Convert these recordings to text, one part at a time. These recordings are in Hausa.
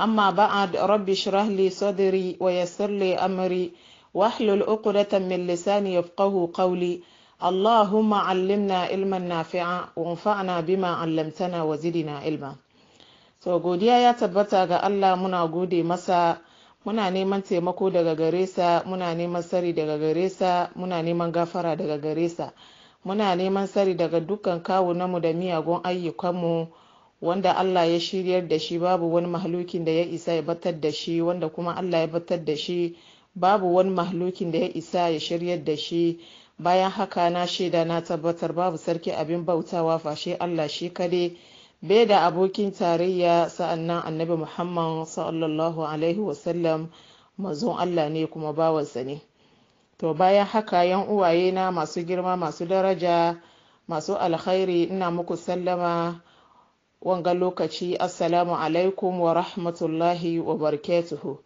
amma ba'ad rabbi shirah li sadiri wa yassir li amri wa hlul uqdatan min lisani yafqahu qawli allahumma allimna ilman nafi'a wa anfa'na bima allamtana wa na ilma so godiya ya tabbata ga Allah muna gode masa muna neman taimako daga gare sa muna neman sari daga gare sa muna neman gafara daga gare sa muna neman sari daga dukkan kawunanmu da miyagun ayyukanmu wanda Allah ya shiryar da shi babu wani mahlukin da ya isa ya batar da shi wanda kuma Allah ya batar da shi babu wani mahlukin da ya isa ya shiryar da shi bayan haka na shaida na tabbatar babu sarki abin bautawa fashe Allah shi kare bai da abokin tarayya sa'annan annabi Muhammad sallallahu alaihi wasallam mazon Allah ne kuma bawansa ne to bayan haka yan uwaye na masu girma masu daraja masu alkhairi ina muku sallama wanga lokaci assalamu alaikum wa rahmatullahi wa barkatuhu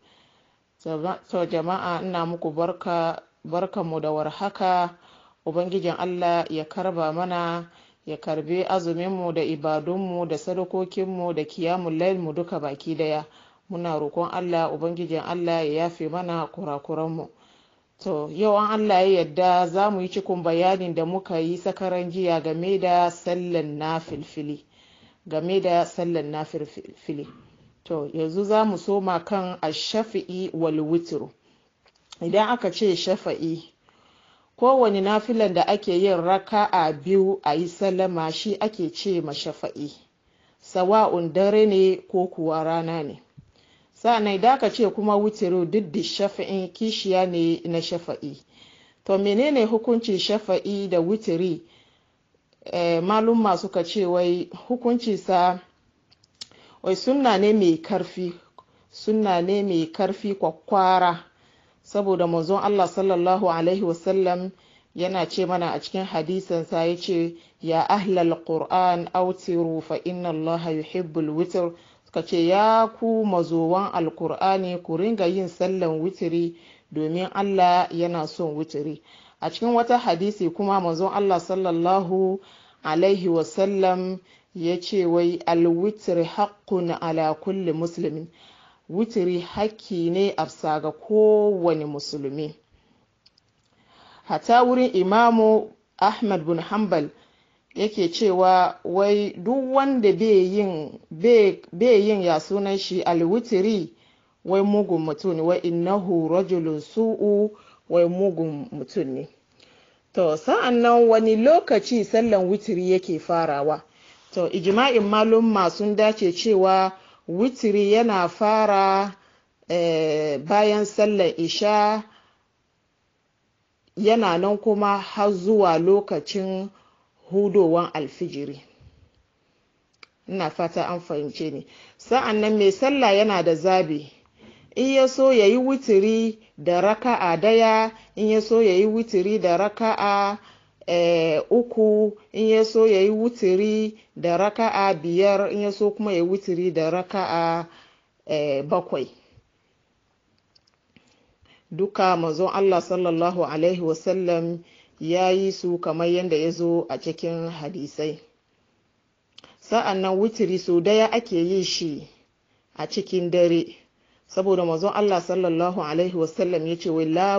to jama'a ina muku barka barkanmu da warhaka ubangijin allah ya karba mana ya karbi azuminmu da ibadunmu da sadakokinmu da kiyamun lailmu duka baki daya muna rokon allah ubangijin allah ya yafe mana kurakuranmu to yau an allah ya yadda za mu yi cikin bayanin da muka yi sakaran jiya game da sallan na filfili game da sallan nafilfili to yanzu za mu soma kan ashafi'i wal witru idan aka ce shafa'i kowane nafilan da ake yin raka'a biyu a yi sallama shi ake ce ma shafa'i sawa'un dare ne ko kuwa rana ne sa'annan idan aka ce kuma wutiru duk da shafa'in kishiya ne na shafa'i to menene hukuncin shafa'i da wutiri Eh, malumma suka ce wai hukunci sa wai sunna ne mai karfi sunna ne mai karfi kwakwara saboda manzon Allah sallallahu alaihi wasallam yana ce mana a cikin hadisansa ya ce ya ahlal qur'an autiru fa inna allaha yuhibbul witr suka ce ya ku mazowan alkur'ani ku ringa yin sallan witiri domin Allah yana son witiri a cikin wata hadisi kuma manzon Allah sallallahu alaihi wasallam ya ce wai alwitri haƙƙun ala kulli musulmi witri haƙƙi ne a ga kowane musulmi hata wurin imamu ahmad bin hanbal yake cewa wai duk wanda be yin ya sunan shi alwitri wai mugun mutum wai innahu rajulun su'u wai mugun mutum ne to sa'an nan wani lokaci sallan witiri yake farawa to ijma'in malum sun dace cewa witiri yana fara eh, bayan sallan isha yana nan kuma har zuwa lokacin hudowan alfijiri ina fata an fahimce ni sa'an nan mai sallah yana da zabi in ya so ya yi witiri da raka'a daya in ya so ya yi witiri da raka'a eh, uku in ya so ya yi witiri da raka'a biyar in ya so kuma ya yi witiri da raka'a eh, bakwai duka manzon Allah sallallahu alaihi wasallam ya yi su kamar yadda ya zo a cikin hadisai sa'an nan witiri so daya ake yi shi a cikin dare saboda mazon Allah sallallahu alaihi wasallam ya ce wai la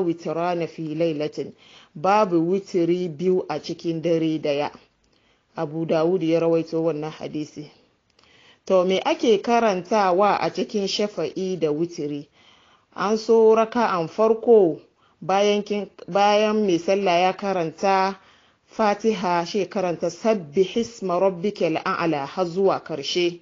na fi lailatin babu witiri biyu a cikin dare daya abu dawud ya rawaito wannan hadisi to me ake karantawa a cikin shafa'i da witiri an so raka an farko bayan mai sallah ya karanta fatiha shi karanta sabbi hisma rabbika al'ala har zuwa karshe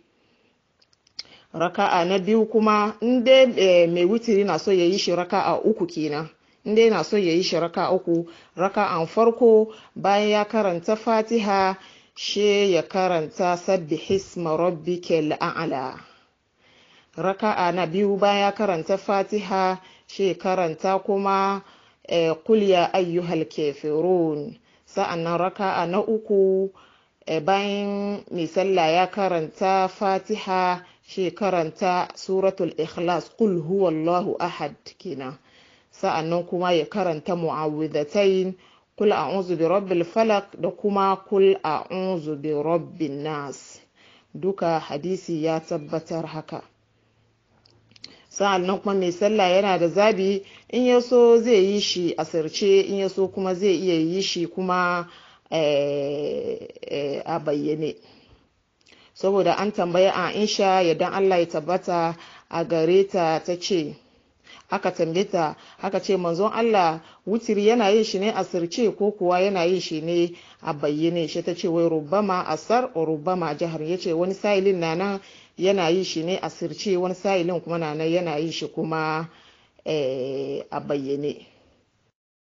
raka'a na biyu kuma in eh, mai witiri na so ya yi shi raka'a uku kenan in na so ya yi shi raka'a uku raka'an farko bayan ya karanta fatiha she ya karanta sabbi hisma rabbi raka'a na biyu bayan ya karanta fatiha she karanta kuma kulya eh, ayyuhal sa'an sa'annan raka'a na uku eh, bayan mai sallah ya karanta fatiha shi karanta suratul ikhlas qul huwallahu ahad kenan sa'annan kuma ya karanta mu'awwidhatayn qul a'udhu bi rabbil falaq da kuma qul a'udhu bi rabbin nas duka hadisi ya tabbatar haka sa'annan kuma mai sallah yana da zabi in yaso so zai yi shi a sirce in yaso kuma zai iya yi shi kuma eh, eh, a bayyane saboda an tambayi insha yadda Allah ya tabbata a gare ta ta ce aka tambaye ta aka ce manzon Allah wutiri yana yin shi ne a sirce ko kuwa yana yin shi ne a bayyane shi ta ce wai rubama asar rubama jihar ya ce wani sa'ilin na nan yana yin shi ne a sirce wani sa'ilin kuma na nan yana yin shi kuma eh, a bayyane